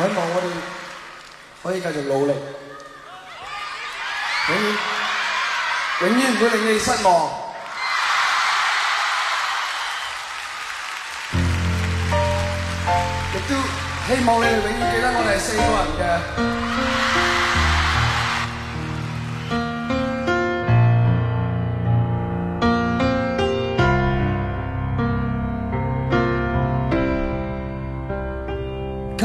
我希望我哋可以繼續努力，永遠永遠唔會令你失望，亦都希望你哋永遠記得我哋係四個人嘅。